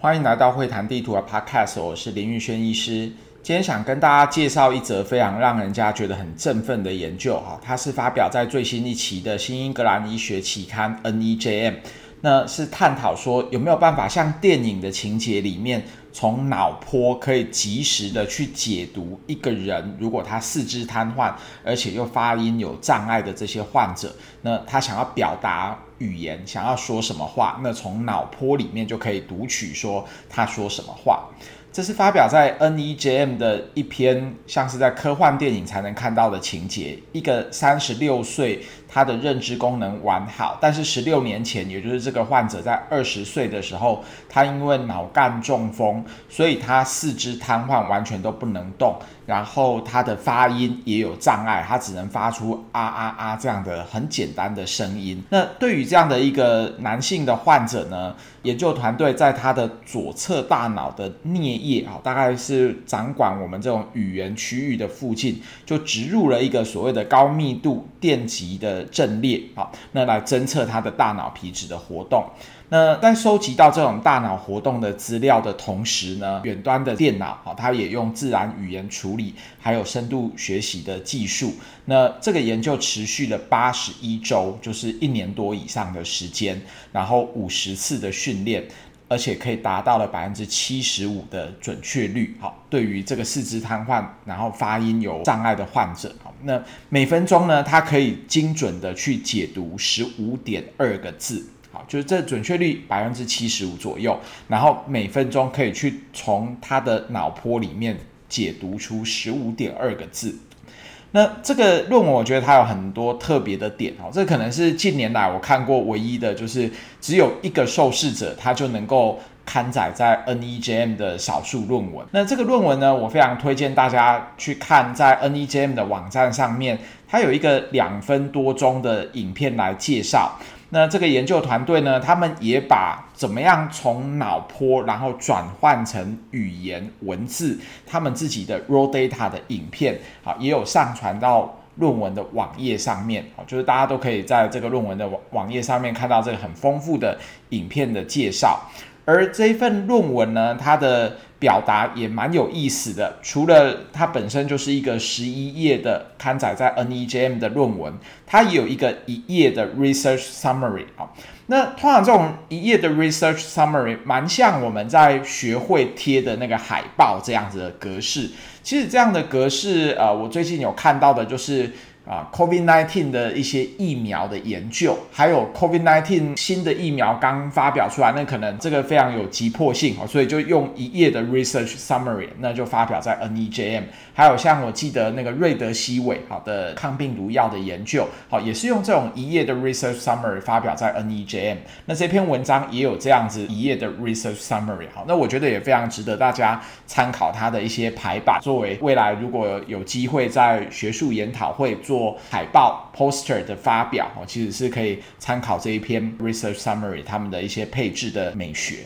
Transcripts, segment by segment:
歡迎來到會談地圖的 Podcast，我是林玉軒醫師。今天想跟大家介紹一則非常讓人家覺得很振奮的研究哈，它、啊、是發表在最新一期的《新英格蘭醫學期刊》（NEJM）。那是探討說有沒有辦法像電影的情節裡面，從腦波可以即時的去解讀一個人，如果他四肢癱瘓，而且又發音有障礙的這些患者，那他想要表達語言，想要說什麼話，那從腦波裡面就可以讀取說他說什麼話。這是發表在 NEJM 的一篇，像是在科幻電影才能看到的情節，一個三十六歲。他的認知功能完好，但是十六年前，也就是這個患者在二十歲的時候，他因為腦幹中風，所以他四肢癱瘓，完全都不能動。然後他的發音也有障礙，他只能發出啊啊啊這樣的很簡單的聲音。那對於這樣的一個男性的患者呢，研究團隊在他的左側大腦的顳葉啊，大概是掌管我們這種語言區域的附近，就植入了一個所謂的高密度電極的。陣列，好，那來偵測他的大腦皮質的活動。那在收集到這種大腦活動的資料的同時呢，遠端的電腦啊，它也用自然語言處理，還有深度學習的技術。那這個研究持續了八十一周，就是一年多以上的時間，然後五十次的訓練，而且可以達到了百分之七十五的準確率。好，對於這個四肢癱瘓，然後發音有障礙的患者。那每分鐘呢，它可以精準的去解讀十五點二個字。好，就是這準確率百分之七十五左右，然後每分鐘可以去從他的腦波裡面解讀出十五點二個字。那這個論文我覺得它有很多特別的點哦，這可能是近年來我看過唯一的就是只有一個受試者，他就能夠。刊載在 NEJM 的少數論文，那這個論文呢，我非常推薦大家去看，在 NEJM 的網站上面，它有一個兩分多鐘的影片來介紹。那這個研究團隊呢，他們也把怎麼樣從腦波然後轉換成語言文字，他們自己的 raw data 的影片也有上傳到論文的網頁上面。就是大家都可以在這個論文的網網頁上面看到這個很豐富的影片的介紹。而這一份論文呢，它的表達也蠻有意思的。除了它本身就是一個十一頁的刊載在 NEJM 的論文，它也有一個一頁的 research summary 啊、哦。那通常這種一頁的 research summary 蠻像我們在學會貼的那個海報這樣子的格式。其實這樣的格式，呃，我最近有看到的就是。啊，COVID-19 的一些疫苗的研究，還有 COVID-19 新的疫苗剛發表出來，那可能這個非常有急迫性，好、啊，所以就用一頁的 research summary，那就發表在 NEJM。還有像我記得那個瑞德西韋好的抗病毒藥的研究，好、啊，也是用這種一頁的 research summary 發表在 NEJM。那這篇文章也有這樣子一頁的 research summary，好，那我覺得也非常值得大家參考它的一些排版，作為未來如果有，有機會在學術研討會做海報 poster 的發表，其實是可以參考這一篇 research summary 他們的一些配置的美學。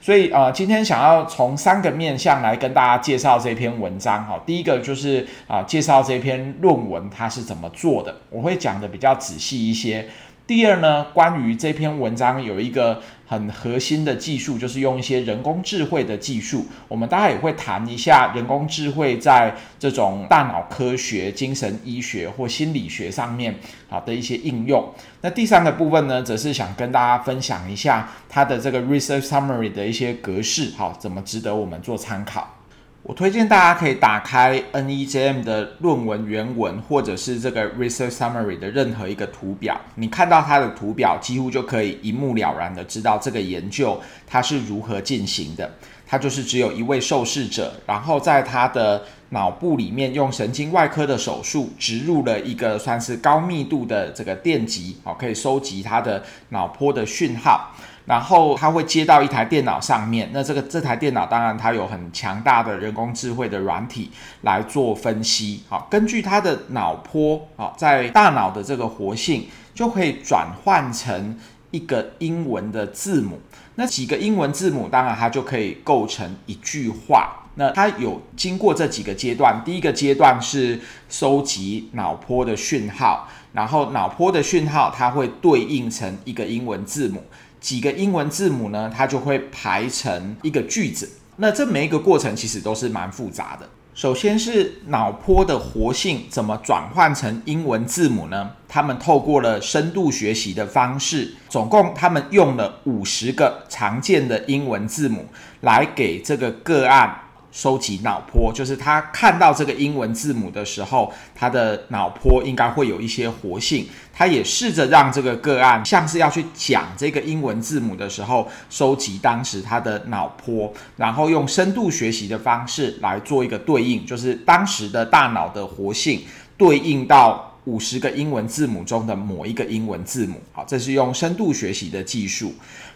所以啊、呃，今天想要從三個面向來跟大家介紹這篇文章哈。第一個就是啊、呃，介紹這篇論文它是怎麼做的，我會講的比較仔細一些。第二呢，關於這篇文章有一個很核心的技術，就是用一些人工智慧的技術。我們大家也會談一下人工智慧在這種大腦科學、精神醫學或心理學上面好的一些應用。那第三個部分呢，則是想跟大家分享一下它的這個 research summary 的一些格式，好，怎麼值得我們做參考。我推薦大家可以打開 NEJM 的論文原文，或者是這個 Research Summary 的任何一個圖表。你看到它的圖表，幾乎就可以一目了然的知道這個研究它是如何進行的。他就是只有一位受試者，然後在他的腦部裡面用神經外科的手術植入了一個算是高密度的這個電極，好、哦，可以收集他的腦波的訊號，然後他會接到一台電腦上面，那這個這台電腦當然它有很強大的人工智慧的軟體來做分析，好、哦，根據他的腦波，好、哦，在大腦的這個活性就可以轉換成一個英文的字母。那幾個英文字母，當然它就可以構成一句話。那它有經過這幾個階段，第一個階段是收集腦波的訊號，然後腦波的訊號它會對應成一個英文字母，幾個英文字母呢，它就會排成一個句子。那這每一個過程其實都是蠻複雜的。首先是腦波的活性怎麼轉換成英文字母呢？他們透過了深度學習的方式，總共他們用了五十個常見的英文字母來給這個個案。收集腦波，就是他看到這個英文字母的時候，他的腦波應該會有一些活性。他也試着讓這個個案像是要去講這個英文字母的時候，收集當時他的腦波，然後用深度學習的方式來做一個對應，就是當時的大腦的活性對應到。五十個英文字母中的某一個英文字母，好，這是用深度學習的技術。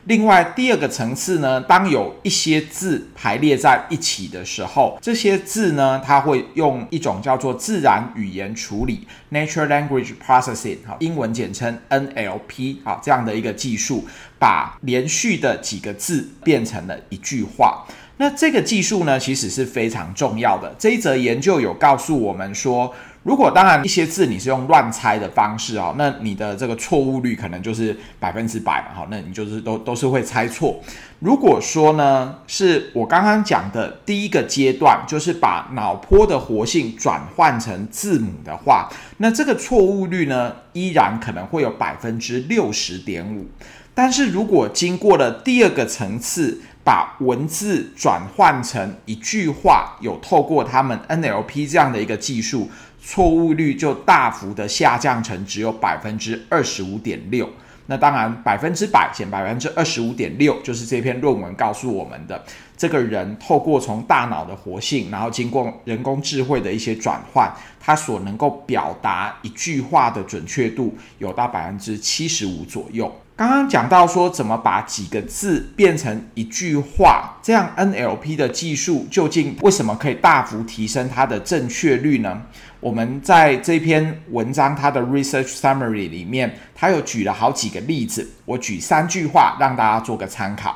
另外第二個層次呢，當有一些字排列在一起的時候，這些字呢，它會用一種叫做自然語言處理 （Natural Language Processing） 哈，英文簡稱 NLP 啊這樣的一個技術，把連續的幾個字變成了一句話。那這個技術呢，其實是非常重要的。這一則研究有告訴我們說。如果當然一些字你是用亂猜的方式哦。那你的這個錯誤率可能就是百分之百，好，那你就是都都是會猜錯。如果說呢，是我剛剛講的第一個階段，就是把腦波的活性轉換成字母的話，那這個錯誤率呢，依然可能會有百分之六十點五。但是如果經過了第二個層次，把文字轉換成一句話，有透過他們 NLP 這樣的一個技術。錯誤率就大幅的下降成只有百分之二十五點六。那當然100，百分之百減百分之二十五點六，就是這篇論文告訴我們的。這個人透過從大腦的活性，然後經過人工智慧的一些轉換，他所能夠表達一句話的準確度有到百分之七十五左右。剛剛講到說，怎麼把幾個字變成一句話？這樣 NLP 的技術究竟為什麼可以大幅提升它的正確率呢？我們在這篇文章它的 research summary 裡面，它有舉了好幾個例子。我舉三句話讓大家做個參考。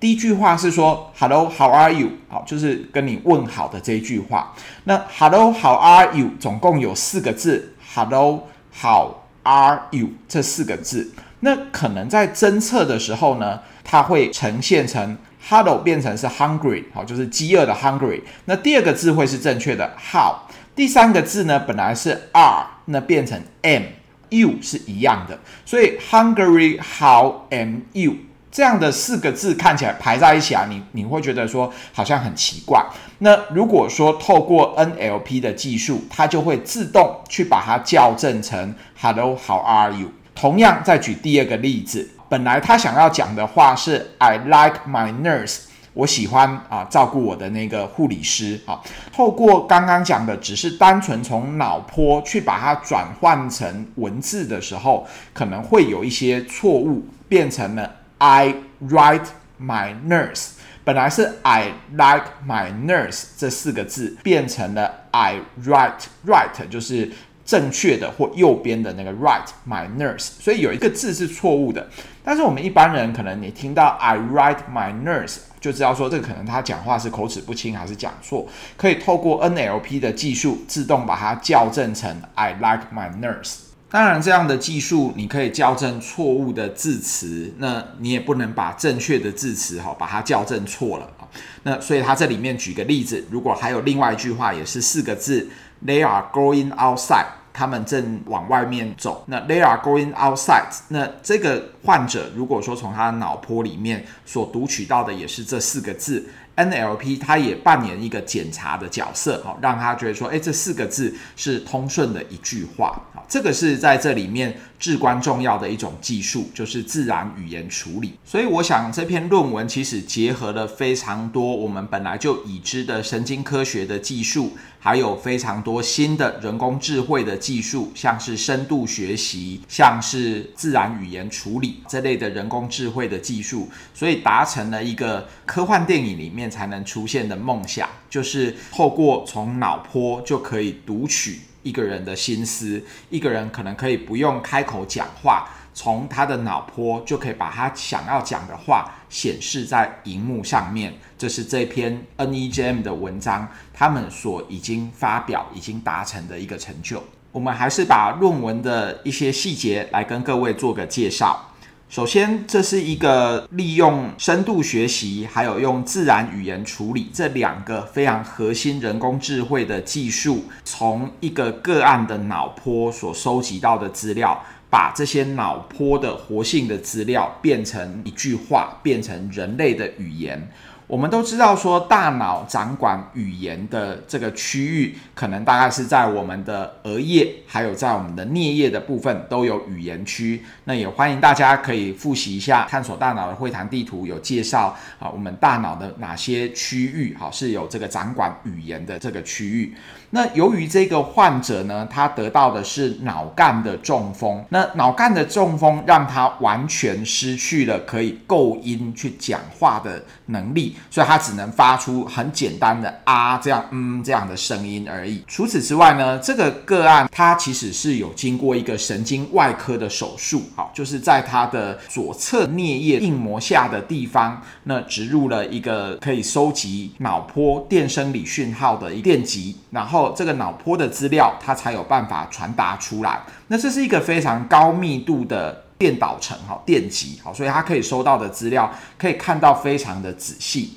第一句話是說：“Hello, how are you？” 好，就是跟你問好的這一句話。那 “Hello, how are you？” 總共有四個字：“Hello, how are you？” 這四個字。那可能在偵測的時候呢，它會呈現成 hello 變成是 hungry，好就是飢餓的 hungry。那第二個字會是正確的 how，第三個字呢本來是 are，那變成 m u 是一樣的，所以 hungry how m u 這樣的四個字看起來排在一起啊，你你會覺得說好像很奇怪。那如果說透過 NLP 的技術，它就會自動去把它校正成 hello how are you。同樣，再舉第二個例子。本來他想要講的話是 "I like my nurse"，我喜歡啊照顧我的那個護理師啊。透過剛剛講的，只是單純從腦波去把它轉換成文字的時候，可能會有一些錯誤，變成了 "I write my nurse"。本來是 "I like my nurse" 這四個字，變成了 "I write write"，就是。正確的或右邊的那個 write my nurse，所以有一個字是錯誤的。但是我們一般人可能你聽到 I write my nurse 就知道說這個可能他講話是口齒不清還是講錯，可以透過 NLP 的技術自動把它校正成 I like my nurse。當然這樣的技術你可以校正錯誤的字詞，那你也不能把正確的字詞哈、哦、把它校正錯了。那所以它這裡面舉個例子，如果還有另外一句話也是四個字，they are going outside。他們正往外面走。那 they are going outside。那這個患者如果說從他的腦波裡面所讀取到的也是這四個字 NLP，他也扮演一個檢查的角色，好、哦、讓他覺得說，哎，這四個字是通順的一句話。好、哦，這個是在這裡面至關重要的一種技術，就是自然語言處理。所以，我想這篇論文其實結合了非常多我們本來就已知的神經科學的技術。還有非常多新的人工智慧的技術，像是深度學習、像是自然語言處理這類的人工智慧的技術，所以達成了一個科幻電影裡面才能出現的夢想，就是透過從腦波就可以讀取一個人的心思，一個人可能可以不用開口講話，從他的腦波就可以把他想要講的話顯示在熒幕上面。這是這篇 NEJM 的文章。他們所已經發表、已經達成的一個成就，我們還是把論文的一些細節來跟各位做個介紹。首先，這是一個利用深度學習，還有用自然語言處理這兩個非常核心人工智慧的技術，從一個個案的腦波所收集到的資料，把這些腦波的活性的資料變成一句話，變成人類的語言。我們都知道，說大腦掌管語言的這個區域，可能大概是在我們的額葉，還有在我們的顳葉的部分都有語言區。那也歡迎大家可以複習一下，探索大腦的會談地圖有介紹啊，我們大腦的哪些區域好是有這個掌管語言的這個區域。那由於這個患者呢，他得到的是腦幹的中風，那腦幹的中風讓他完全失去了可以構音去講話的能力，所以他只能發出很簡單的啊這樣嗯這樣的聲音而已。除此之外呢，這個個案他其實是有經過一個神經外科的手術，好，就是在他的左側顳葉硬膜下的地方，那植入了一個可以收集腦波電生理訊號的一個電極，然後。這個腦波的資料，它才有辦法傳達出來。那這是一個非常高密度的電導層哈，電極好，所以它可以收到的資料，可以看到非常的仔細。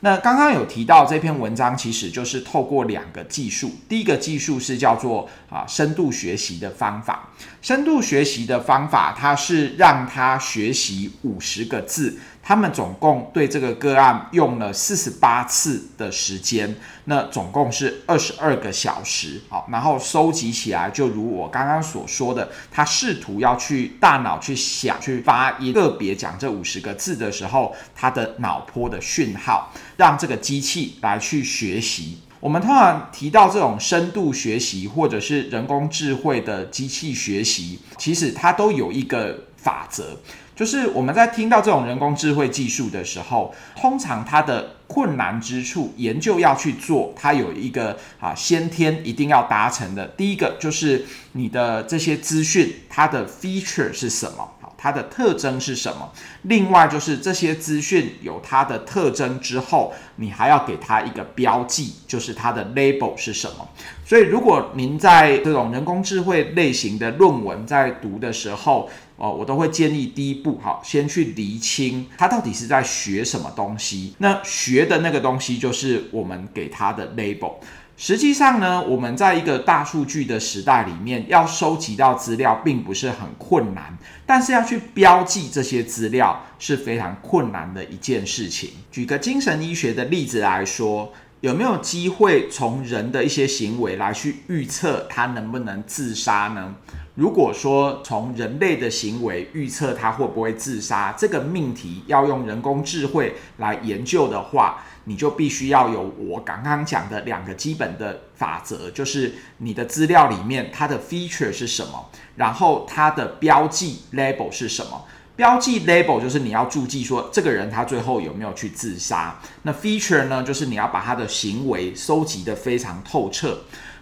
那剛剛有提到這篇文章，其實就是透過兩個技術，第一個技術是叫做啊深度學習的方法，深度學習的方法，它是讓它學習五十個字。他們總共對這個個案用了四十八次的時間，那總共是二十二個小時。好，然後收集起來，就如我剛剛所說的，他試圖要去大腦去想、去發音，個別講這五十個字的時候，他的腦波的訊號，讓這個機器來去學習。我們通常提到這種深度學習或者是人工智慧的機器學習，其實它都有一個法則。就是我們在聽到這種人工智慧技術的時候，通常它的困難之處，研究要去做，它有一個啊先天一定要達成的。第一個就是你的這些資訊它的 feature 是什麼，好，它的特徵是什麼？另外就是這些資訊有它的特徵之後，你還要給它一個標記，就是它的 label 是什麼。所以如果您在這種人工智慧類型的論文在讀的時候，哦，我都會建議第一步，好，先去釐清他到底是在學什麼東西。那學的那個東西就是我們給他的 label。實際上呢，我們在一個大數據的時代裡面，要收集到資料並不是很困難，但是要去標記這些資料是非常困難的一件事情。舉個精神醫學的例子來說，有沒有機會從人的一些行為來去預測他能不能自殺呢？如果說從人類的行為預測他會不會自殺，這個命題要用人工智慧來研究的話，你就必須要有我剛剛講的兩個基本的法則，就是你的資料裡面它的 feature 是什麼，然後它的標記 label 是什麼。標記 label 就是你要注記說這個人他最後有沒有去自殺。那 feature 呢，就是你要把他的行為收集得非常透徹。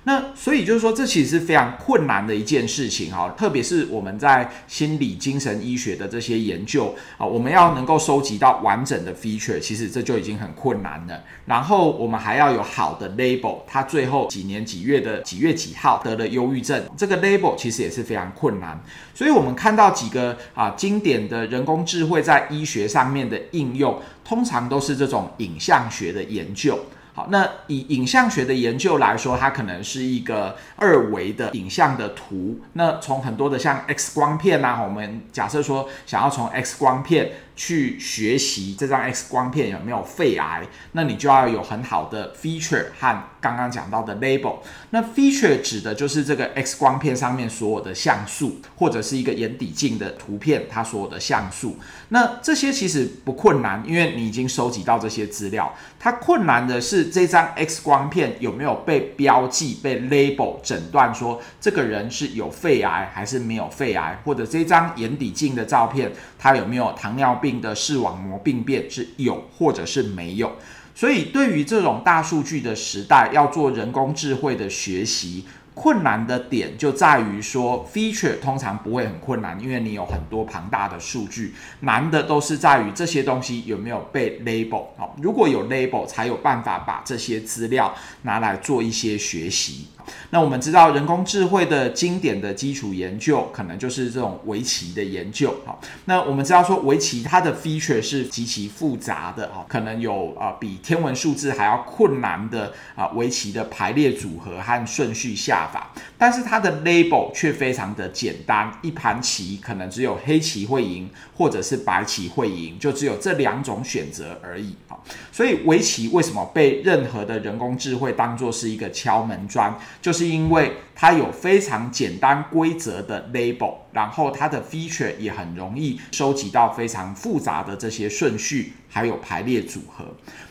那所以就是說，這其實是非常困難的一件事情哈、哦，特別是我們在心理精神醫學的這些研究啊，我們要能夠收集到完整的 feature，其實這就已經很困難了。然後我們還要有好的 label，他最後幾年幾月的幾月幾號得了憂鬱症，這個 label 其實也是非常困難。所以我們看到幾個啊經典的人工智慧在醫學上面的應用，通常都是這種影像學的研究。好，那以影像學的研究來說，它可能是一個二維的影像的圖。那從很多的像 X 光片吶、啊，我們假設說想要從 X 光片。去學習這張 X 光片有沒有肺癌，那你就要有很好的 feature 和剛剛講到的 label。那 feature 指的就是這個 X 光片上面所有的像素，或者是一個眼底鏡的圖片，它所有的像素。那這些其實不困難，因為你已經收集到這些資料。它困難的是這張 X 光片有沒有被標記、被 label 診斷說這個人是有肺癌還是沒有肺癌，或者這張眼底鏡的照片他有沒有糖尿病，的視網膜病變是有或者是沒有，所以對於這種大數據的時代，要做人工智慧的學習，困難的點就在於說，feature 通常不會很困難，因為你有很多龐大的數據，難的都是在於這些東西有沒有被 label。哦。好，如果有 label，才有辦法把這些資料拿來做一些學習。那我們知道，人工智慧的經典的基礎研究可能就是這種圍棋的研究。哈，那我們知道說，圍棋它的 feature 是極其複雜的哈，可能有啊比天文數字還要困難的啊圍棋的排列組合和順序下法，但是它的 label 卻非常的簡單，一盤棋可能只有黑棋會贏，或者是白棋會贏，就只有這兩種選擇而已哈，所以圍棋為什麼被任何的人工智慧當作是一個敲門磚？就是因為，它有非常簡單規則的 label，然後它的 feature 也很容易收集到非常複雜的這些順序，還有排列組合。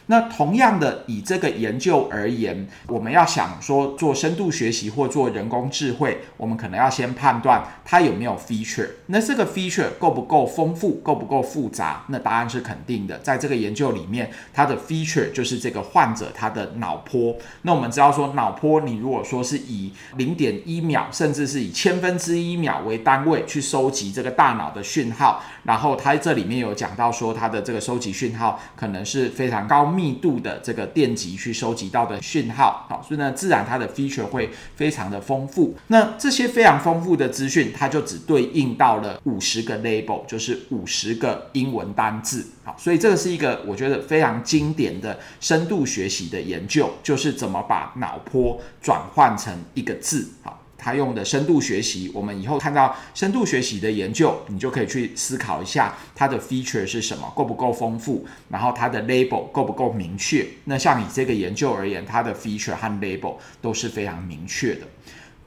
那同樣的，以這個研究而言，我們要想說做深度學習或做人工智慧，我們可能要先判斷它有沒有 feature。那這個 feature 夠不夠豐富，夠不夠，夠複雜？那答案是肯定的。在這個研究裡面，它的 feature 就是這個患者他的腦波。那我們知道說腦波，你如果說是以零。點一秒，甚至是以千分之一秒為單位去收集這個大腦的訊號，然後它這裡面有講到說它的這個收集訊號可能是非常高密度的這個電極去收集到的訊號，好、哦，所以呢，自然它的 feature 會非常的豐富。那這些非常豐富的資訊，它就只對應到了五十個 label，就是五十個英文單字。好，所以這個是一個我覺得非常經典的深度學習的研究，就是怎麼把腦波轉換成一個字。好，他用的深度學習，我們以後看到深度學習的研究，你就可以去思考一下它的 feature 是什麼，夠不夠豐富，然後它的 label 夠不夠明確。那像你這個研究而言，它的 feature 和 label 都是非常明確的。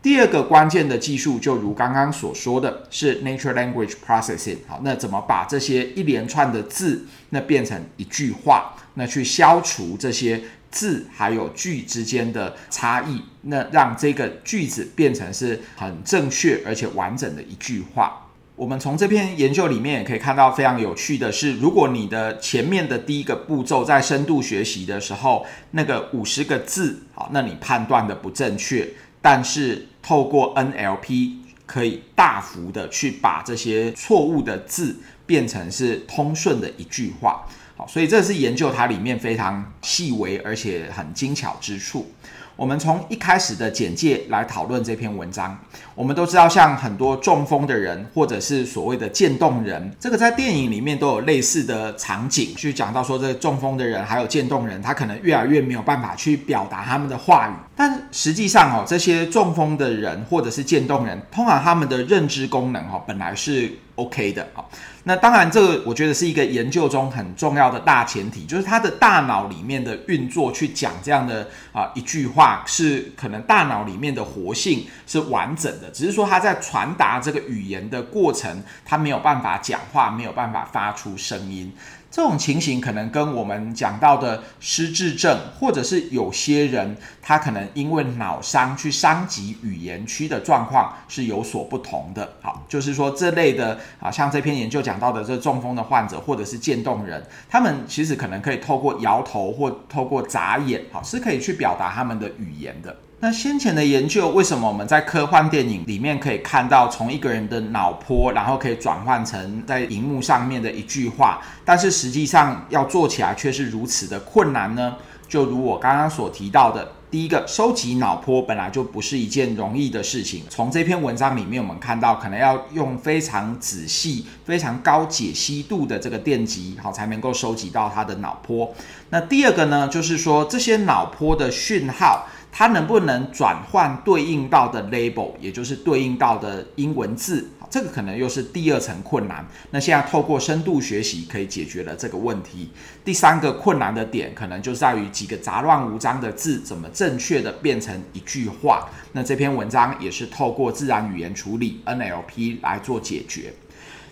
第二個關鍵的技術，就如剛剛所說的是 nature language processing。好，那怎麼把這些一連串的字，那變成一句話，那去消除這些字還有句之間的差異，那讓這個句子變成是很正確而且完整的一句話。我們從這篇研究裡面也可以看到，非常有趣的是，如果你的前面的第一個步驟在深度學習的時候，那個五十個字，好，那你判斷的不正確。但是透過 NLP 可以大幅的去把這些錯誤的字變成是通順的一句話，好，所以這是研究它裡面非常細微而且很精巧之處。我們從一開始的簡介來討論這篇文章，我們都知道，像很多中風的人，或者是所謂的漸凍人，這個在電影裡面都有類似的場景去講到，說這個中風的人還有漸凍人，他可能越來越沒有辦法去表達他們的話語。但實際上哦，這些中風的人或者是漸凍人，通常他們的認知功能哦，本來是 OK 的，哦。那當然，這個我覺得是一個研究中很重要的大前提，就是他的大腦裡面的運作去講這樣的啊、呃、一句話，是可能大腦裡面的活性是完整的，只是說他在傳達這個語言的過程，他沒有辦法講話，沒有辦法發出聲音。這種情形可能跟我們講到的失智症，或者是有些人他可能因為腦傷去傷及語言區的狀況是有所不同的。好，就是說這類的啊，像這篇研究講到的這中風的患者，或者是漸凍人，他們其實可能可以透過搖頭或透過眨眼，好，是可以去表達他們的語言的。那先前的研究，為什麼我們在科幻電影裡面可以看到從一個人的腦波，然後可以轉換成在熒幕上面的一句話？但是實際上要做起來卻是如此的困難呢？就如我剛剛所提到的，第一個，收集腦波本來就不是一件容易的事情。從這篇文章裡面我們看到，可能要用非常仔細、非常高解析度的這個電極，好，才能夠收集到他的腦波。那第二個呢，就是說這些腦波的訊號。它能不能轉換對應到的 label，也就是對應到的英文字，好，這個可能又是第二層困難。那現在透過深度學習可以解決了這個問題。第三個困難的點可能就在於幾個雜亂無章的字怎麼正確的變成一句話。那這篇文章也是透過自然語言處理 NLP 來做解決。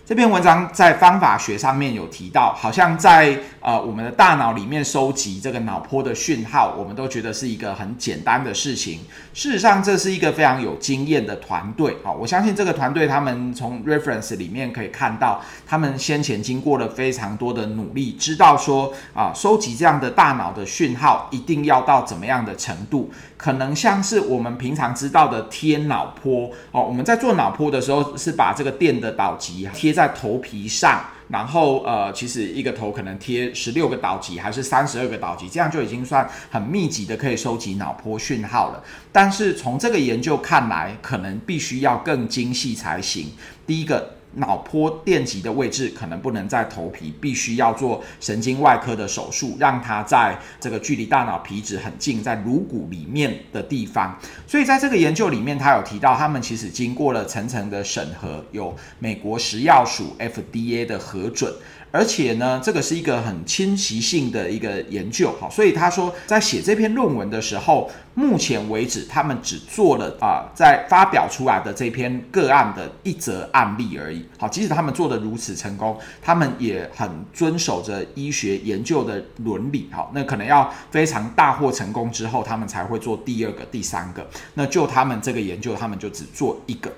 這篇文章在方法學上面有提到，好像在呃我們的大腦裡面收集這個腦波的訊號，我們都覺得是一個很簡單的事情。事實上，這是一個非常有經驗的團隊，啊，我相信這個團隊，他們從 reference 裡面可以看到，他們先前經過了非常多的努力，知道說啊，收集這樣的大腦的訊號，一定要到怎麼樣的程度。可能像是我們平常知道的貼腦波哦，我們在做腦波的時候是把這個電的導極貼在頭皮上，然後呃，其實一個頭可能貼十六個導極還是三十二個導極，這樣就已經算很密集的可以收集腦波訊號了。但是從這個研究看來，可能必須要更精細才行。第一個。腦波電極的位置可能不能在頭皮，必須要做神經外科的手術，讓它在這個距離大腦皮質很近、在顱骨裡面的地方。所以在這個研究裡面，他有提到，他們其實經過了層層的審核，有美國食藥署 FDA 的核准。而且呢，這個是一個很侵襲性的一個研究，哈，所以他說在寫這篇論文的時候，目前為止他們只做了啊，在發表出來的這篇個案的一則案例而已，好，即使他們做的如此成功，他們也很遵守着醫學研究的倫理，哈，那可能要非常大獲成功之後，他們才會做第二個、第三個，那就他們這個研究，他們就只做一個。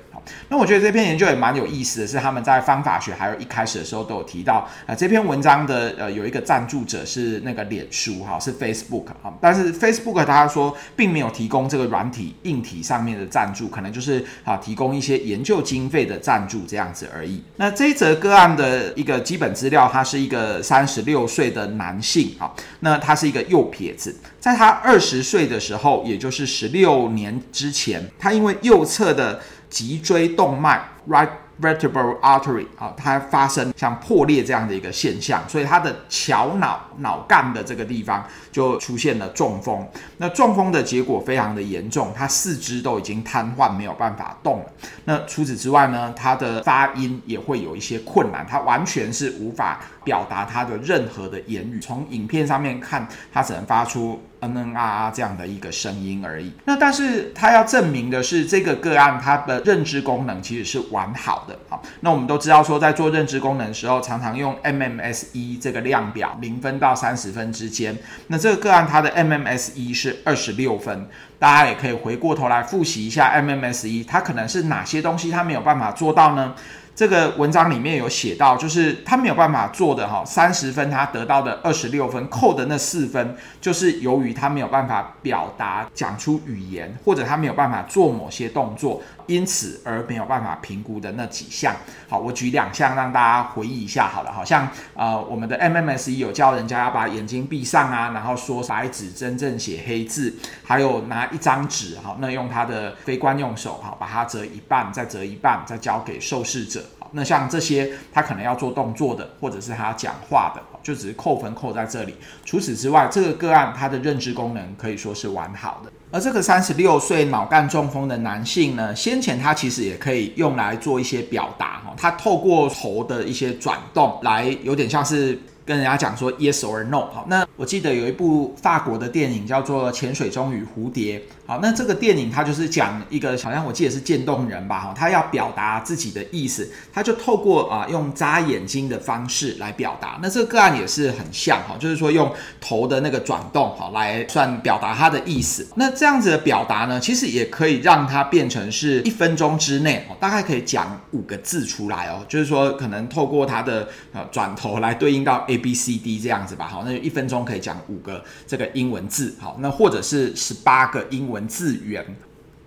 那我覺得這篇研究也蠻有意思的，是他們在方法學還有一開始的時候都有提到啊、呃。這篇文章的呃有一個贊助者是那個臉書哈，是 Facebook 哈，但是 Facebook 它說並沒有提供這個軟體硬體上面的贊助，可能就是啊提供一些研究經費的贊助這樣子而已。那這一則個案的一個基本資料，他是一個三十六歲的男性哈，那他是一個右撇子，在他二十歲的時候，也就是十六年之前，他因為右側的脊椎動脈 （right vertebral artery） 啊，它發生像破裂這樣的一個現象，所以他的橋腦、腦幹的這個地方就出現了中風。那中風的結果非常的嚴重，他四肢都已經癱瘓，沒有辦法動了。那除此之外呢，他的發音也會有一些困難，他完全是無法表達他的任何的言語。從影片上面看，他只能發出。嗯嗯啊啊，N N 這樣的一個聲音而已。那但是它要證明的是，這個個案它的認知功能其實是完好的。那我們都知道說，在做認知功能的時候，常常用 MMSE 這個量表，零分到三十分之間。那這個個案它的 MMSE 是二十六分，大家也可以回過頭來複習一下 MMSE，它可能是哪些東西它沒有辦法做到呢？這個文章裡面有寫到，就是他沒有辦法做的哈，三十分他得到的二十六分，扣的那四分，就是由於他沒有辦法表達、講出語言，或者他沒有辦法做某些動作，因此而沒有辦法評估的那幾項。好，我舉兩項讓大家回憶一下好了，好像呃我們的 MMSE 有教人家要把眼睛閉上啊，然後說白紙真正寫黑字，還有拿一張紙哈，那用他的非慣用手哈，把它折一半，再折一半，再交給受試者。那像這些，他可能要做動作的，或者是他要講話的，就只是扣分扣在這裡。除此之外，這個個案他的認知功能可以說是完好的。而這個三十六歲腦幹中風的男性呢，先前他其實也可以用來做一些表達哈，他透過頭的一些轉動來，有點像是跟人家講說 yes or no 好。那我記得有一部法國的電影叫做《潛水鐘與蝴蝶》。好，那這個電影它就是講一個好像我記得是漸凍人吧，哈，他要表達自己的意思，他就透過啊用眨眼睛的方式來表達。那這個個案也是很像哈，就是說用頭的那個轉動，好，來算表達他的意思。那這樣子的表達呢，其實也可以讓他變成是一分鐘之內，哦，大概可以講五個字出來哦，就是說可能透過他的呃轉頭來對應到 ABCD 這樣子吧，好，那就一分鐘可以講五個這個英文字，好，那或者是十八個英文，文字源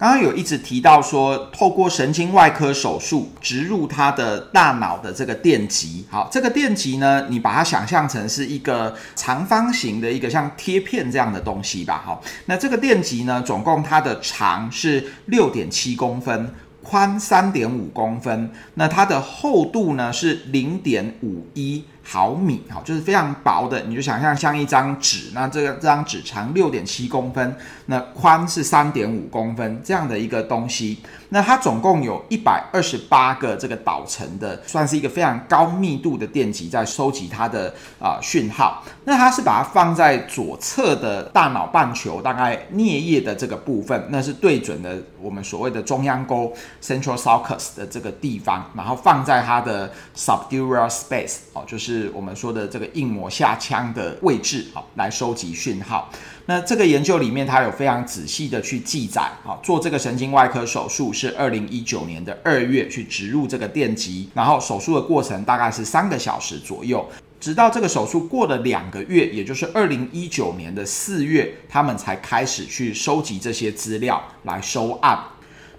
剛剛有一直提到說，透過神經外科手術植入他的大腦的這個電極。好，這個電極呢，你把它想象成是一個長方形的一個像貼片這樣的東西吧。好，那這個電極呢，總共它的長是六點七公分，寬三點五公分，那它的厚度呢是零點五一，毫米哈，就是非常薄的，你就想象像，像一張紙。那這個這張紙長六點七公分，那寬是三點五公分這樣的一個東西。那它總共有一百二十八個這個導層的，算是一個非常高密度的電極，在收集它的啊訊、呃、號。那它是把它放在左側的大腦半球，大概顳葉的這個部分，那是對準的我們所謂的中央溝 （central s u k c u s 的這個地方，然後放在它的 subdural space 哦、呃，就是。是我們說的這個硬膜下腔的位置，好，來收集訊號。那這個研究裡面，它有非常仔細的去記載啊，做這個神經外科手術是二零一九年的二月去植入這個電極，然後手術的過程大概是三個小時左右。直到這個手術過了兩個月，也就是二零一九年的四月，他們才開始去收集這些資料來收案。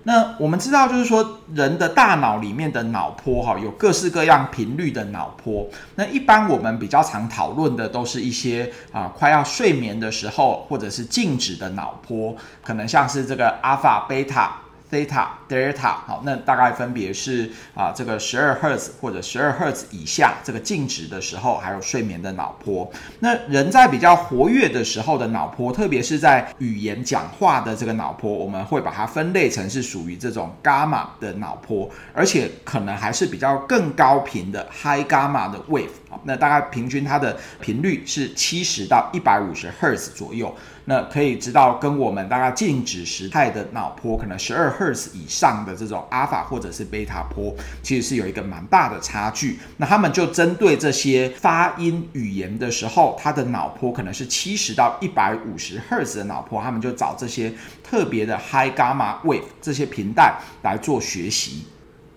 那我們知道，就是說，人的大腦裡面的腦波哈，有各式各樣頻率的腦波。那一般我們比較常討論的，都是一些啊，快要睡眠的時候，或者是靜止的腦波，可能像是這個阿爾法、貝塔。Delta, Delta 好，那大概分別是啊，這個十二赫茲或者十二赫茲以下這個靜止的時候，還有睡眠的腦波。那人在比較活躍的時候的腦波，特別是在語言講話的這個腦波，我們會把它分類成是屬於這種 gamma 的腦波，而且可能還是比較更高頻的 high gamma 的 wave。那大概平均它的頻率是七十到一百五十赫茲左右。那可以知道，跟我們大概靜止時態的腦波，可能十二赫茲以上的這種阿爾法或者是貝塔波，其實是有一個蠻大的差距。那他們就針對這些發音語言的時候，他的腦波可能是七十到一百五十赫茲的腦波，他們就找這些特別的 high gamma wave 這些頻帶來做學習。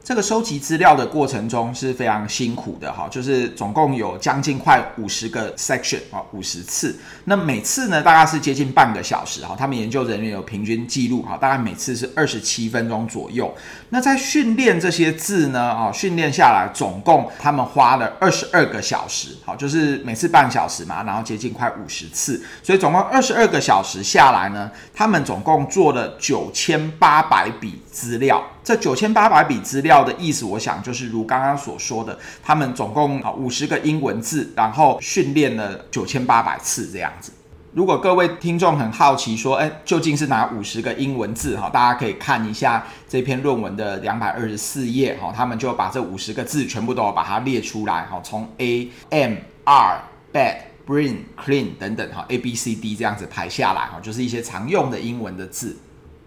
這個收集資料的過程中是非常辛苦的哈，就是總共有將近快五十個 section 啊，五十次。那每次呢，大概是接近半個小時哈。他們研究人員有平均記錄哈，大概每次是二十七分鐘左右。那在訓練這些字呢啊，訓練下來總共他們花了二十二個小時，哈，就是每次半小時嘛，然後接近快五十次，所以總共二十二個小時下來呢，他們總共做了九千八百筆。資料，這九千八百筆資料的意思，我想就是如剛剛所說的，他們總共啊五十個英文字，然後訓練了九千八百次這樣子。如果各位聽眾很好奇說，說、欸，究竟是拿五十個英文字哈、哦？大家可以看一下這篇論文的兩百二十四頁哈，他們就把這五十個字全部都把它列出來哈，從、哦、a m r bad bring clean 等等哈、哦、a b c d 這樣子排下來哈、哦，就是一些常用的英文的字。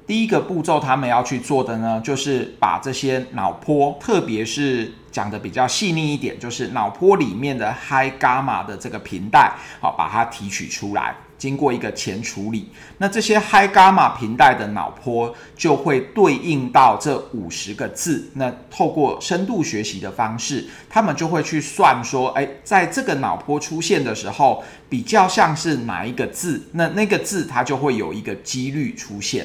第一個步驟，他們要去做的呢，就是把這些腦波，特別是講得比較細膩一點，就是腦波裡面的 high gamma 的這個頻帶，好、哦，把它提取出來，經過一個前處理，那這些 high gamma 頻帶的腦波就會對應到這五十個字。那透過深度學習的方式，他們就會去算說，哎、欸，在這個腦波出現的時候，比較像是哪一個字，那那個字它就會有一個幾率出現。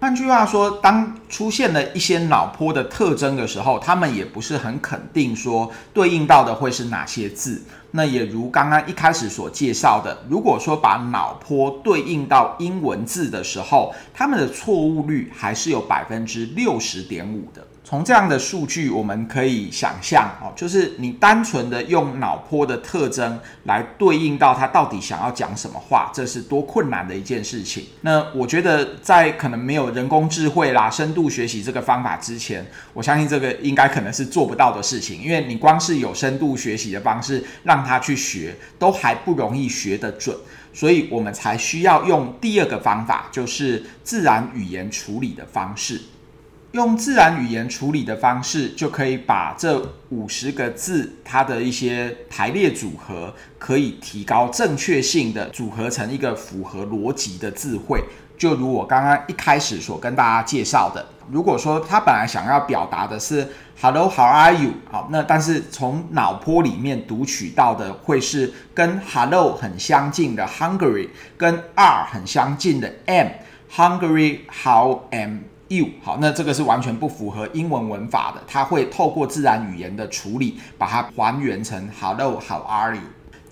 換句話說，當出現了一些腦波的特徵的時候，他們也不是很肯定說對應到的會是哪些字。那也如剛剛一開始所介紹的，如果說把腦波對應到英文字的時候，他們的錯誤率還是有百分之六十點五的。從這樣的數據，我們可以想象哦，就是你單純的用腦波的特徵來對應到他到底想要講什麼話，這是多困難的一件事情。那我覺得，在可能沒有人工智慧啦、深度學習這個方法之前，我相信這個應該可能是做不到的事情，因為你光是有深度學習的方式讓他去學，都還不容易學得準，所以我們才需要用第二個方法，就是自然語言處理的方式。用自然語言處理的方式，就可以把這五十個字它的一些排列組合，可以提高正確性的組合成一個符合邏輯的字彙。就如我剛剛一開始所跟大家介紹的，如果說他本來想要表達的是 “hello how are you”，好，那但是從腦波裡面讀取到的會是跟 “hello” 很相近的 “hungry”，跟 “are” 很相近的 “am”，“hungry how am”。You 好，那這個是完全不符合英文文法的。它會透過自然語言的處理，把它還原成 Hello，How are you？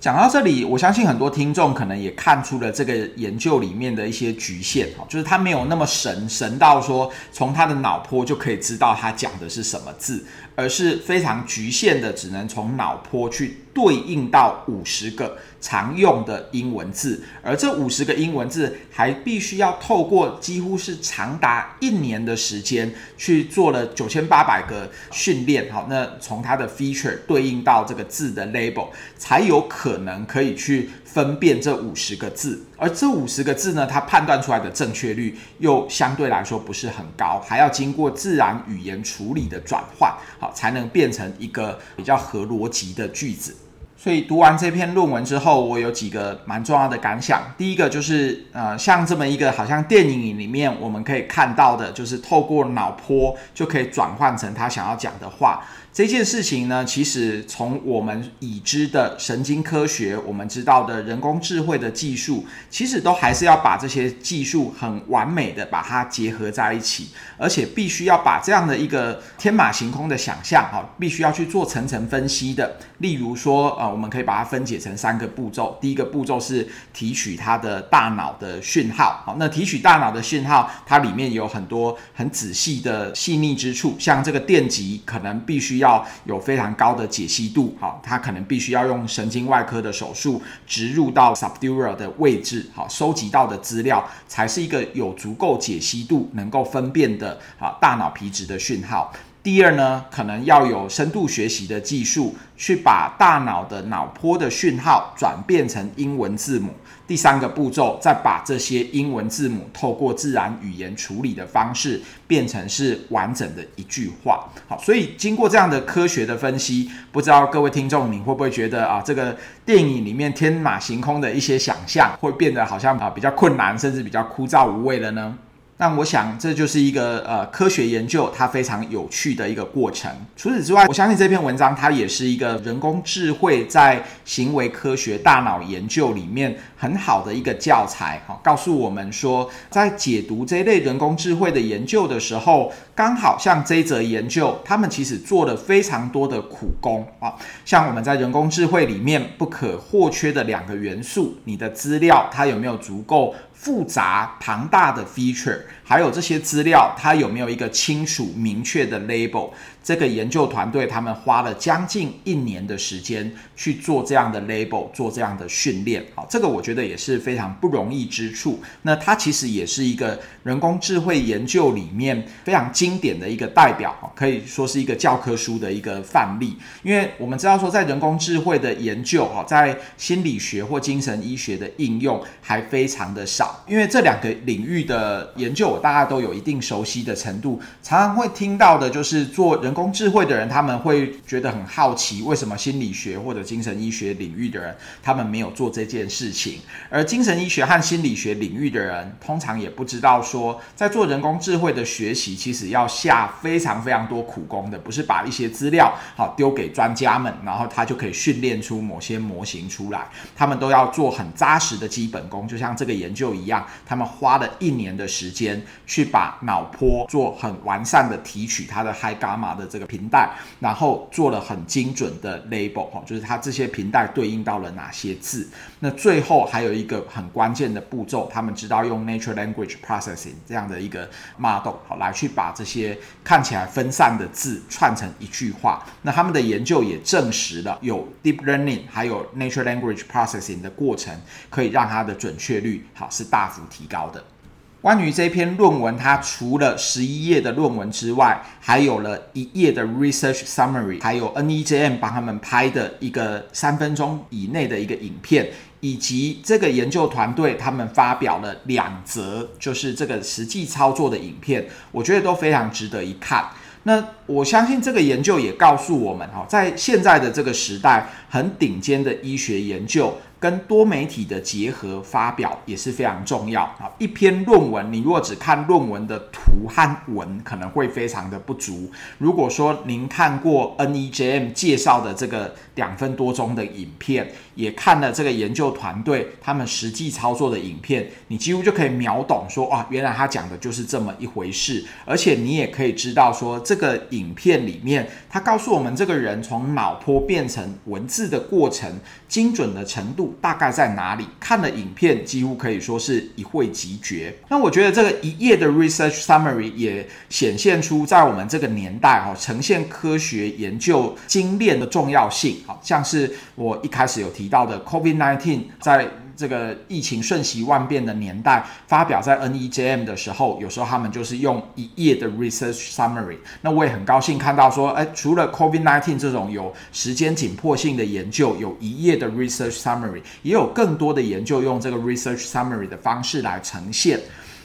講到這裡，我相信很多聽眾可能也看出了這個研究裡面的一些局限啊，就是它沒有那麼神，神到說，從它的腦波就可以知道他講的是什麼字。而是非常局限的，只能從腦波去對應到五十個常用的英文字，而這五十個英文字還必須要透過幾乎是長達一年的時間去做了九千八百個訓練。好，那從它的 feature 對應到這個字的 label，才有可能可以去分辨這五十個字。而這五十個字呢，它判斷出來的正確率又相對來說不是很高，還要經過自然語言處理的轉換。好。才能變成一個比較合邏輯的句子。所以讀完這篇論文之後，我有幾個蠻重要的感想。第一個就是，呃，像這麼一個好像電影裡面我們可以看到的，就是透過腦波就可以轉換成他想要講的話。這件事情呢，其實從我們已知的神經科學，我們知道的人工智慧的技術，其實都還是要把這些技術很完美的把它結合在一起，而且必須要把這樣的一個天馬行空的想象哈，必須要去做層層分析的。例如說，呃，我們可以把它分解成三個步驟。第一個步驟是提取它的大腦的訊號，好，那提取大腦的訊號，它裡面有很多很仔細的細膩之處，像這個電極可能必須。要有非常高的解析度，好，他可能必須要用神經外科的手術植入到 subdural 的位置，好，收集到的資料才是一個有足夠解析度能夠分辨的啊大腦皮質的訊號。第二呢，可能要有深度學習的技術，去把大腦的腦波的訊號轉變成英文字母。第三個步驟，再把這些英文字母透過自然語言處理的方式，變成是完整的一句話。好，所以經過這樣的科學的分析，不知道各位聽眾你會不會覺得啊，這個電影裡面天馬行空的一些想象，會變得好像啊比較困難，甚至比較枯燥無味了呢？那我想這就是一個呃科學研究它非常有趣的一個過程。除此之外，我相信這篇文章它也是一個人工智慧在行為科學大腦研究裡面很好的一個教材啊、哦，告訴我們說，在解讀這一類人工智慧的研究的時候，剛好像這一則研究，他們其實做了非常多的苦工啊、哦，像我們在人工智慧裡面不可或缺的兩個元素，你的資料它有沒有足夠？複雜龐大的 feature，還有這些資料，它有沒有一個清楚明確的 label？這個研究團隊，他們花了將近一年的時間去做這樣的 label，做這樣的訓練。好、哦，這個我覺得也是非常不容易之處。那它其實也是一個人工智慧研究裡面非常經典的一個代表，哦、可以說是一個教科書的一個範例。因為我們知道說，在人工智慧的研究，哈、哦，在心理學或精神醫學的應用還非常的少。因為這兩個領域的研究，我大概都有一定熟悉的程度，常常會聽到的就是做人工。工智慧的人，他們會覺得很好奇，為什麼心理學或者精神醫學領域的人，他們沒有做這件事情？而精神醫學和心理學領域的人，通常也不知道說，在做人工智慧的學習，其實要下非常非常多苦功的，不是把一些資料好、啊、丟給專家們，然後他就可以訓練出某些模型出來。他們都要做很扎實的基本功，就像這個研究一樣，他們花了一年的時間去把腦波做很完善的提取，他的 high gamma。的這個頻帶，然後做了很精準的 label 哦，就是它這些頻帶對應到了哪些字。那最後還有一個很關鍵的步驟，他們知道用 natural language processing 這樣的一個 model 好，來去把這些看起來分散的字串成一句話。那他們的研究也證實了，有 deep learning 還有 natural language processing 的過程，可以讓它的準確率好是大幅提高的。關於這篇論文，它除了十一頁的論文之外，還有了一頁的 research summary，還有 NEJM 幫他們拍的一個三分鐘以內的一個影片，以及這個研究團隊他們發表了兩則，就是這個實際操作的影片，我覺得都非常值得一看。那我相信這個研究也告訴我們，哈，在現在的這個時代，很頂尖的醫學研究。跟多媒體的結合發表也是非常重要啊！一篇論文，你若只看論文的圖和文，可能會非常的不足。如果說您看過 NEJM 介紹的這個兩分多鐘的影片，也看了這個研究團隊他們實際操作的影片，你幾乎就可以秒懂說啊，原來他講的就是這麼一回事。而且你也可以知道說，這個影片裡面他告訴我們這個人從腦波變成文字的過程，精準的程度。大概在哪裡看了影片，幾乎可以說是一會即決。那我覺得這個一頁的 research summary 也顯現出在我們這個年代哈，呈現科學研究精煉的重要性。好像是我一開始有提到的 COVID-19 在。這個疫情瞬息萬變的年代，發表在 NEJM 的時候，有時候他們就是用一頁的 research summary。那我也很高興看到說，哎，除了 COVID-19 這種有時間緊迫性的研究，有一頁的 research summary，也有更多的研究用這個 research summary 的方式來呈現。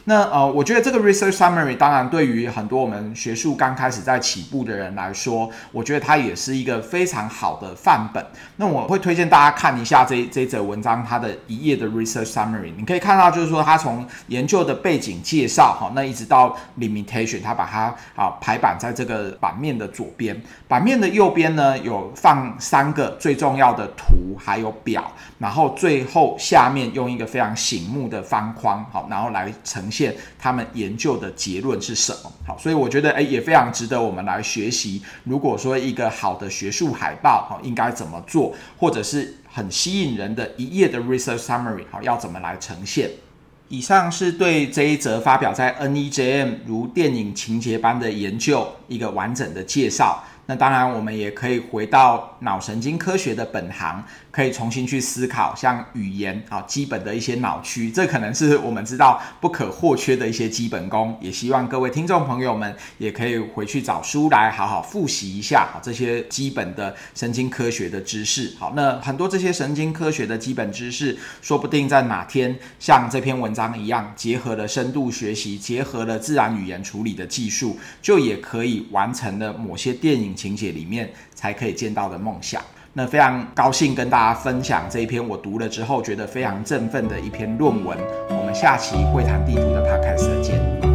那呃，我覺得這個 research summary，當然對於很多我們學術剛開始在起步的人來說，我覺得它也是一個非常好的範本。那我會推薦大家看一下這這則文章它的一頁的 research summary。你可以看到，就是說它從研究的背景介紹哈、哦，那一直到 limitation，它把它啊、哦、排版在這個版面的左邊，版面的右邊呢有放三個最重要的圖還有表，然後最後下面用一個非常醒目的方框好、哦，然後來呈現，現他們研究的結論是什麼？好，所以我覺得誒也非常值得我們來學習。如果說一個好的學術海報，好、哦、應該怎麼做，或者是很吸引人的一頁的 research summary，好、哦、要怎麼來呈現？以上是對這一則發表在 NEJM 如電影情節般的研究一個完整的介紹。那當然，我們也可以回到腦神經科學的本行。可以重新去思考，像語言啊，基本的一些腦區，這可能是我們知道不可或缺的一些基本功。也希望各位聽眾朋友們也可以回去找書來好好複習一下好，這些基本的神經科學的知識。好，那很多這些神經科學的基本知識，說不定在哪天像這篇文章一樣，結合了深度學習，結合了自然語言處理的技術，就也可以完成了某些電影情節裡面才可以見到的夢想。那非常高興跟大家分享這一篇我讀了之後覺得非常振奮的一篇論文。我們下期會談地圖的 podcast 再見。